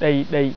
đi đi